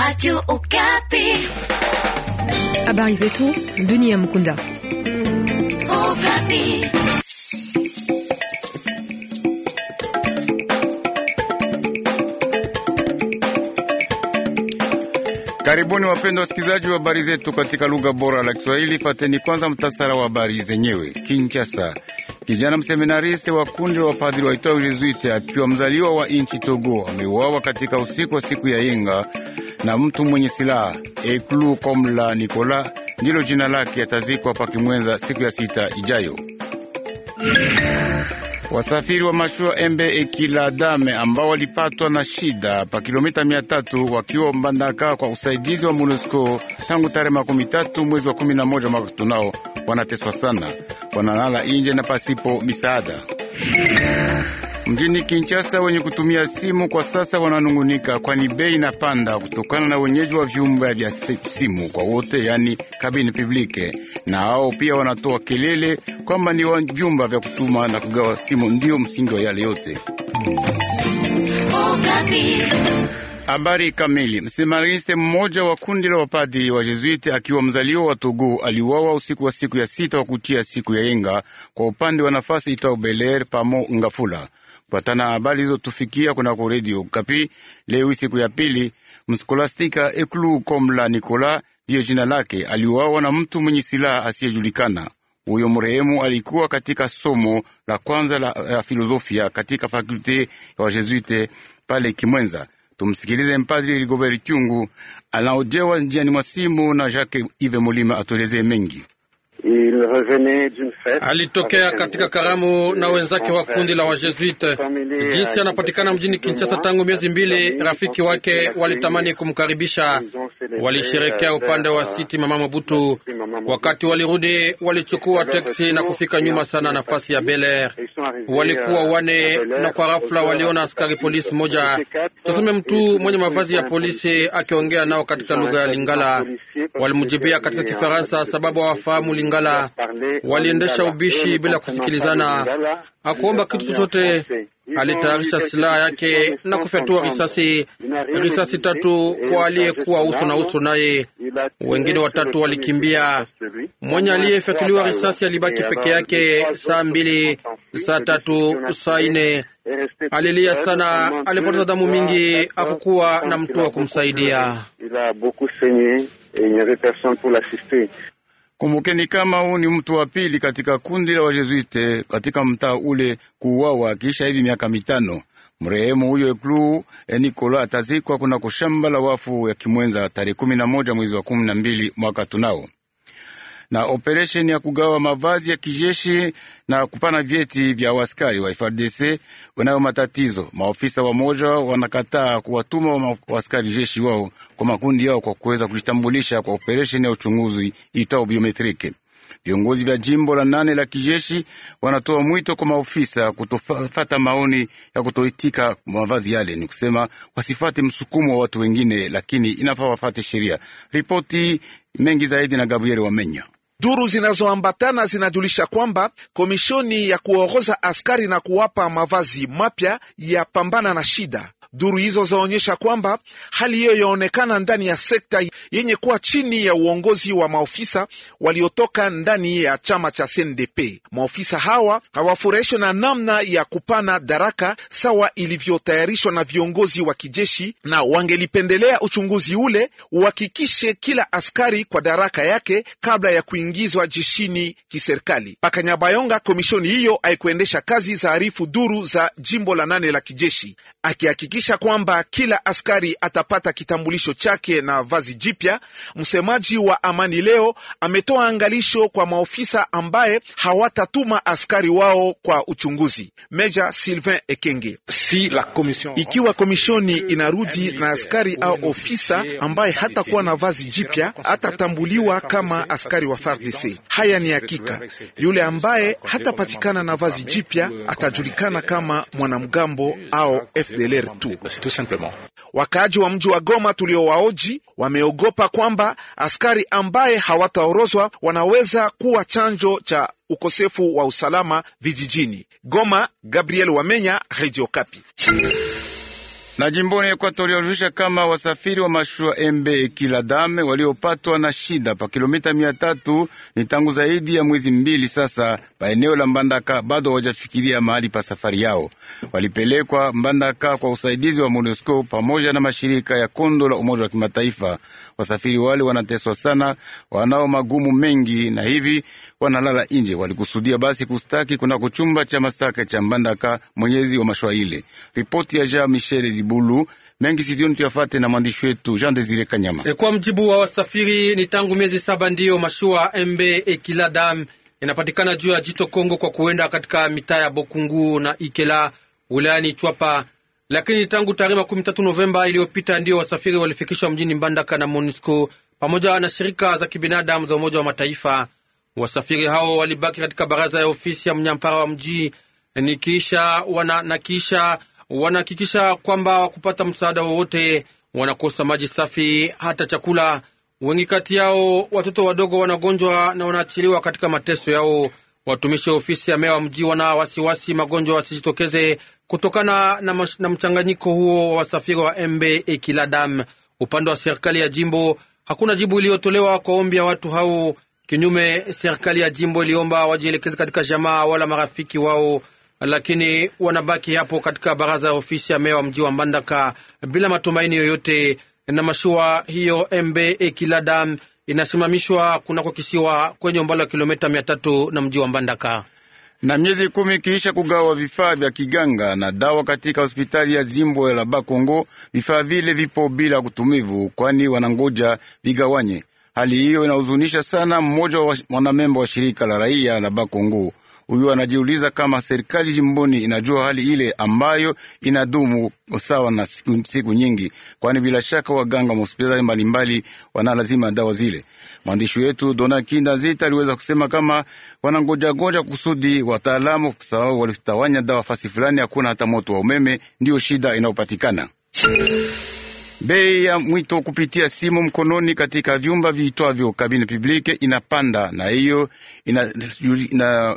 Radio Okapi. Habari zetu dunia mkunda. Okapi. Karibuni wapendwa wasikilizaji wa habari zetu katika lugha bora la Kiswahili. Pateni kwanza mtasara wa habari zenyewe. Kinshasa, kijana mseminariste wa kundi wa padri waitwa Jesuite akiwa mzaliwa wa nchi Togo ameuawa katika usiku wa siku ya Yenga na mtu mwenye silaha Eklu Komla Nikola ndilo jina lake, atazikwa pakimwenza siku ya sita ijayo. Wasafiri wa mashua Embe Ekiladame ambao walipatwa na shida pa kilomita mia tatu wakiwa Mbandaka kwa usaidizi wa MONUSCO tangu tarehe makumi tatu mwezi wa kumi na moja mwaka tunao, wanateswa sana, wanalala inje na pasipo misaada mjini Kinshasa wenye kutumia simu kwa sasa wananungunika, kwani bei inapanda kutokana na wenyeji wa vyumba vya simu kwa wote, yani kabini publike, na hao pia wanatoa kelele kwamba ni vyumba vya kutuma na kugawa simu ndiyo msingi wa yale yote. Habari kamili. Msemariste mmoja wa kundi la wapadi wa Jezuiti akiwa mzaliwa wa Togo aliuawa usiku wa siku ya sita wa kutia siku ya yenga kwa upande wa nafasi itao Beler pamo Ngafula. Kufuatana habari hizo tufikia kunako radio Kapi leo siku ya pili, mskolastika Eklu Komla Nikola ndiyo jina lake, aliuawa na mtu mwenye silaha asiyejulikana. Huyo mrehemu alikuwa katika somo la kwanza la, la eh, filozofia katika fakulte ya wajezuite pale Kimwenza. Tumsikilize mpadri Rigobert Kyungu anaojewa njiani mwa simu na Jacques Ive Molima atuelezee mengi. Il revenait d'une fête. Alitokea katika karamu na euh, wenzake wa kundi la Wajesuite. Jinsi anapatikana mjini Kinshasa tangu miezi mbili, rafiki wake walitamani kumkaribisha. Walisherekea upande wa siti mama Mobutu. Wakati walirudi, walichukua teksi na kufika nyuma sana nafasi ya beler Walikuwa euh, wane, na kwa ghafla waliona askari polisi moja, tuseme mtu mwenye mavazi ya polisi, akiongea nao katika lugha ya Lingala. Walimjibia katika Kifaransa sababu hawafahamu Lingala waliendesha ubishi bila kusikilizana. akuomba kitu chochote, alitayarisha silaha yake na kufyatua risasi risasi tatu kwa aliyekuwa uso na uso naye, wengine watatu walikimbia. Mwenye aliyefyatuliwa risasi alibaki peke yake saa mbili, saa tatu, saa nne. Alilia sana, alipoteza damu mingi, akukuwa na mtu wa kumsaidia. Kumbukeni kama huu ni mtu wa pili katika kundi la Wajezuite katika mtaa ule kuuawa kisha hivi miaka mitano. Mrehemu huyo Eklu enikola eh, atazikwa kuna kushamba la wafu ya Kimwenza tarehe kumi na moja mwezi wa kumi na mbili mwaka tunao na operesheni ya kugawa mavazi ya kijeshi na kupana vyeti vya waskari wa FRDC wanayo matatizo. Maofisa wamoja wanakataa kuwatuma waskari jeshi wao kwa makundi yao kwa kuweza kujitambulisha kwa operesheni ya uchunguzi itao biometrike. Viongozi vya jimbo la nane la kijeshi wanatoa mwito kwa maofisa kutofata maoni ya kutoitika mavazi yale, ni kusema wasifate msukumo wa watu wengine, lakini inafaa wafate sheria. Ripoti mengi zaidi na Gabriel Wamenya. Duru zinazoambatana zinajulisha kwamba komishoni ya kuongoza askari na kuwapa mavazi mapya ya pambana na shida Duru hizo zaonyesha kwamba hali hiyo yaonekana ndani ya sekta yenye kuwa chini ya uongozi wa maofisa waliotoka ndani ya chama cha CNDP. Maofisa hawa hawafurahishwa na namna ya kupana daraka sawa ilivyotayarishwa na viongozi wa kijeshi, na wangelipendelea uchunguzi ule uhakikishe kila askari kwa daraka yake kabla ya kuingizwa jeshini kiserikali. Paka Nyabayonga, komishoni hiyo haikuendesha kazi, za arifu duru za jimbo la nane la kijeshi akihakikisha kuhakikisha kwamba kila askari atapata kitambulisho chake na vazi jipya. Msemaji wa amani leo ametoa angalisho kwa maofisa ambaye hawatatuma askari wao kwa uchunguzi. Meja Sylvain Ekenge: si la komision, ikiwa komishoni inarudi na askari au ofisa ambaye hatakuwa na vazi jipya hatatambuliwa kama askari wa FARDC. Haya ni hakika, yule ambaye hatapatikana na vazi jipya atajulikana kama mwanamgambo au FDLR tu mtu tu simplement. Wakaaji wa mji wa Goma tuliowaoji wameogopa kwamba askari ambaye hawataorozwa wanaweza kuwa chanjo cha ukosefu wa usalama vijijini. Goma, Gabriel Wamenya, Radio Kapi. Na jimboni Ekwatori wajulisha kama wasafiri wa mashua MB dame waliopatwa na shida pa kilomita mia tatu ni tangu zaidi ya mwezi mbili sasa, pa eneo la Mbandaka bado hawajafikiria mahali pa safari yao. Walipelekwa Mbandaka kwa usaidizi wa MONUSCO pamoja na mashirika ya kondo la Umoja wa Kimataifa. Wasafiri wale wanateswa sana, wanao magumu mengi na hivi wanalala nje. Walikusudia basi kustaki kunako chumba cha mastaka cha Mbandaka, mwenyezi wa mashua ile. Ripoti ya Jean Michel Kibulu mengi sidioni tuyafate na mwandishi wetu Jean Desire Kanyama. E, kwa mjibu wa wasafiri ni tangu miezi saba ndiyo mashua MB Ekiladam inapatikana juu ya jito Kongo kwa kuenda katika mitaa ya Bokungu na Ikela wilayani Chwapa, lakini tangu tarehe 13 Novemba iliyopita ndiyo wasafiri walifikishwa mjini Mbandaka na MONUSCO pamoja na shirika za kibinadamu za Umoja wa Mataifa. Wasafiri hao walibaki katika baraza ya ofisi ya mnyampara wa mji nikiisha wana, na wanahakikisha kwamba wakupata msaada wowote, wanakosa maji safi, hata chakula. Wengi kati yao watoto wadogo wanagonjwa na wanaachiliwa katika mateso yao. Watumishi wa ofisi ya mea wa mji wana wasiwasi magonjwa wasijitokeze kutokana na, na mchanganyiko huo wa wasafiri wa MB Ekiladam. Upande wa serikali ya jimbo hakuna jibu iliyotolewa kwa ombi ya watu hao. Kinyume, serikali ya jimbo iliomba wajielekeze katika jamaa wala marafiki wao lakini wanabaki hapo katika baraza ya ofisi ya meya wa mji wa Mbandaka bila matumaini yoyote, na mashua hiyo MB Ekilada inasimamishwa kunako kisiwa kwenye umbali wa kilomita mia tatu na mji wa Mbandaka na miezi kumi kiisha kugawa vifaa vya kiganga na dawa katika hospitali ya jimbo la Bakongo, vifaa vile vipo bila kutumivu, kwani wanangoja vigawanye. Hali hiyo inahuzunisha sana mmoja wa wanamemba wa shirika la raia la Bakongo. Huyu anajiuliza kama serikali jimboni inajua hali ile ambayo inadumu sawa na siku, siku nyingi, kwani bila shaka waganga mahospitali mbalimbali wanalazima dawa zile. Mwandishi wetu Dona Kinda Zita aliweza kusema kama wanangojangoja kusudi wataalamu, kwa sababu walitawanya dawa fasi fulani, hakuna hata moto wa umeme, ndiyo shida inayopatikana Bei ya mwito kupitia simu mkononi katika vyumba viitwavyo kabine publike inapanda, na hiyo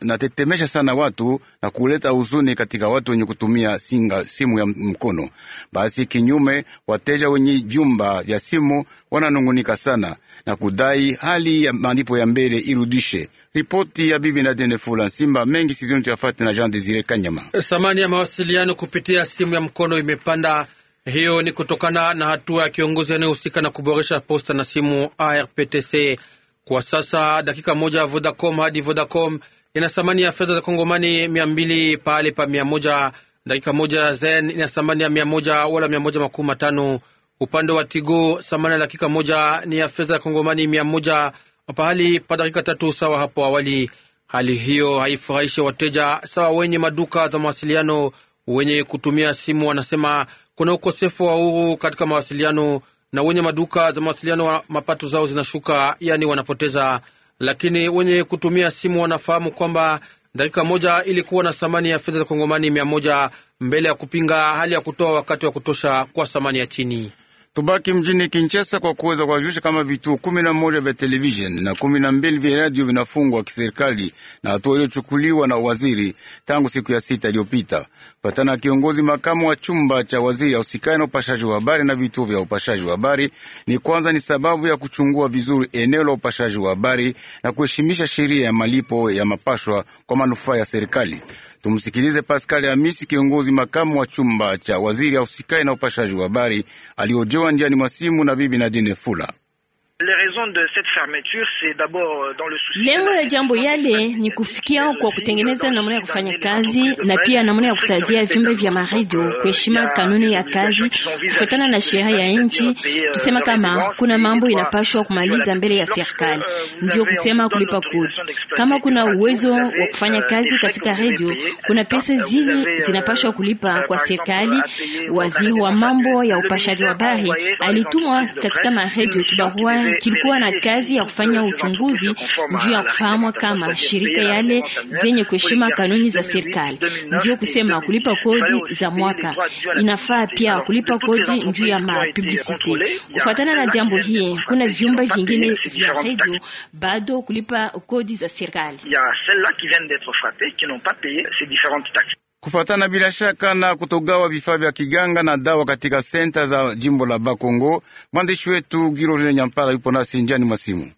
inatetemesha sana watu na kuleta huzuni katika watu wenye kutumia singa, simu ya mkono. Basi kinyume, wateja wenye vyumba vya simu wananungunika sana na kudai hali ya malipo ya mbele irudishe. Ripoti ya bibi Nadine Fula Nsimba mengi sizoni tuyafate na Jean Desire Kanyama. Thamani ya mawasiliano kupitia simu ya mkono imepanda hiyo ni kutokana na hatua ya kiongozi anayehusika na kuboresha posta na simu ARPTC. Kwa sasa dakika moja Vodacom hadi Vodacom ina thamani ya fedha za Kongomani mia mbili pahali pa mia moja. Dakika moja Zen ina thamani ya mia moja wala mia moja makumi matano. Upande wa Tigo thamani ya dakika moja ni ya fedha ya Kongomani mia moja pahali pa dakika tatu sawa hapo awali. Hali hiyo haifurahishi wateja sawa wenye maduka za mawasiliano wenye kutumia simu wanasema kuna ukosefu wa uhuru katika mawasiliano na wenye maduka za mawasiliano wa mapato zao zinashuka, yaani wanapoteza. Lakini wenye kutumia simu wanafahamu kwamba dakika moja ilikuwa na thamani ya fedha za kongomani mia moja mbele ya kupinga hali ya kutoa wakati wa kutosha kwa thamani ya chini. Tubaki mjini Kinshasa kwa kuweza kuwajulisha kama vituo kumi na moja vya televisheni na kumi na mbili vya radio vinafungwa kiserikali na hatua iliyochukuliwa na waziri tangu siku ya sita iliyopita, patana kiongozi makamu wa chumba cha waziri ausikani na upashaji wa habari na vituo vya upashaji wa habari. Ni kwanza ni sababu ya kuchungua vizuri eneo la upashaji wa habari na kuheshimisha sheria ya malipo ya mapashwa kwa manufaa ya serikali. Tumsikilize Paskali Hamisi, kiongozi makamu wa chumba cha waziri ausikai na upashaji wa habari, aliojewa njiani mwa simu na bibi Nadine Fula. Lengo ya jambo yale ni kufikia kwa kutengeneza namna ya kufanya kazi na pia namna ya kusaidia vyombo vya maredio euh, kuheshima kanuni ya kazi kufuatana na sheria ya nchi. Tusema euh, kama kuna mambo inapashwa kumaliza mbele ya serikali, euh, ndio kusema kulipa kodi. Kama kuna uwezo wa kufanya kazi katika redio, kuna pesa zile zinapashwa kulipa kwa serikali. Waziri wa mambo ya upashaji wa habari alitumwa katika maredio kibarua kilikuwa na kazi ya kufanya uchunguzi juu ya kufahamu kama shirika yale zenye kuheshima kanuni za serikali, ndio kusema kulipa kodi za mwaka. Inafaa pia kulipa kodi juu ya mapublisite. Kufuatana na jambo hii, kuna vyumba vingine vya redio bado kulipa kodi za serikali kufatana bila shaka na kutogawa vifaa vya kiganga na dawa katika senta za jimbo la Bakongo. Mwandishi wetu Giro Nyampala yupo nasi njiani mwa simu.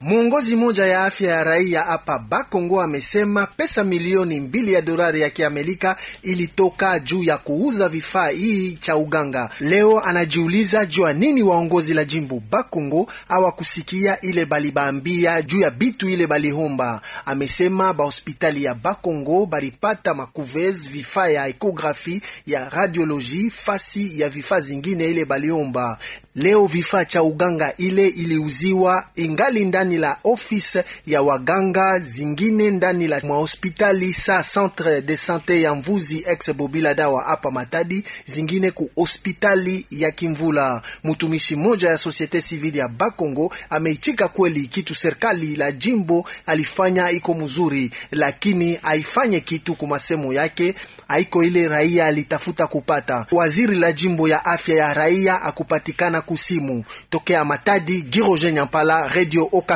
Mwongozi mmoja ya afya ya raia hapa Bakongo amesema pesa milioni mbili ya dolari ya kiamerika ilitoka juu ya kuuza vifaa hii cha uganga. Leo anajiuliza jua nini waongozi la jimbo Bakongo hawakusikia ile balibambia juu ya bitu ile balihomba. Amesema bahospitali ya Bakongo balipata makuves vifaa ya ekografi ya radioloji fasi ya vifaa zingine ile balihomba. Leo vifaa cha uganga ile iliuziwa ingali ndani ndani la ofisi ya waganga, zingine ndani la mwa hospitali sa centre de sante ya Mvuzi ex Bobila dawa hapa Matadi, zingine ku hospitali ya Kimvula. Mtumishi mmoja ya societe civile ya Bakongo ameichika kweli kitu serikali la jimbo alifanya iko mzuri, lakini haifanye kitu kumasemo yake haiko ile raia alitafuta kupata. Waziri la jimbo ya afya ya raia akupatikana kusimu tokea Matadi. Giroje Nyampala, Radio Oka.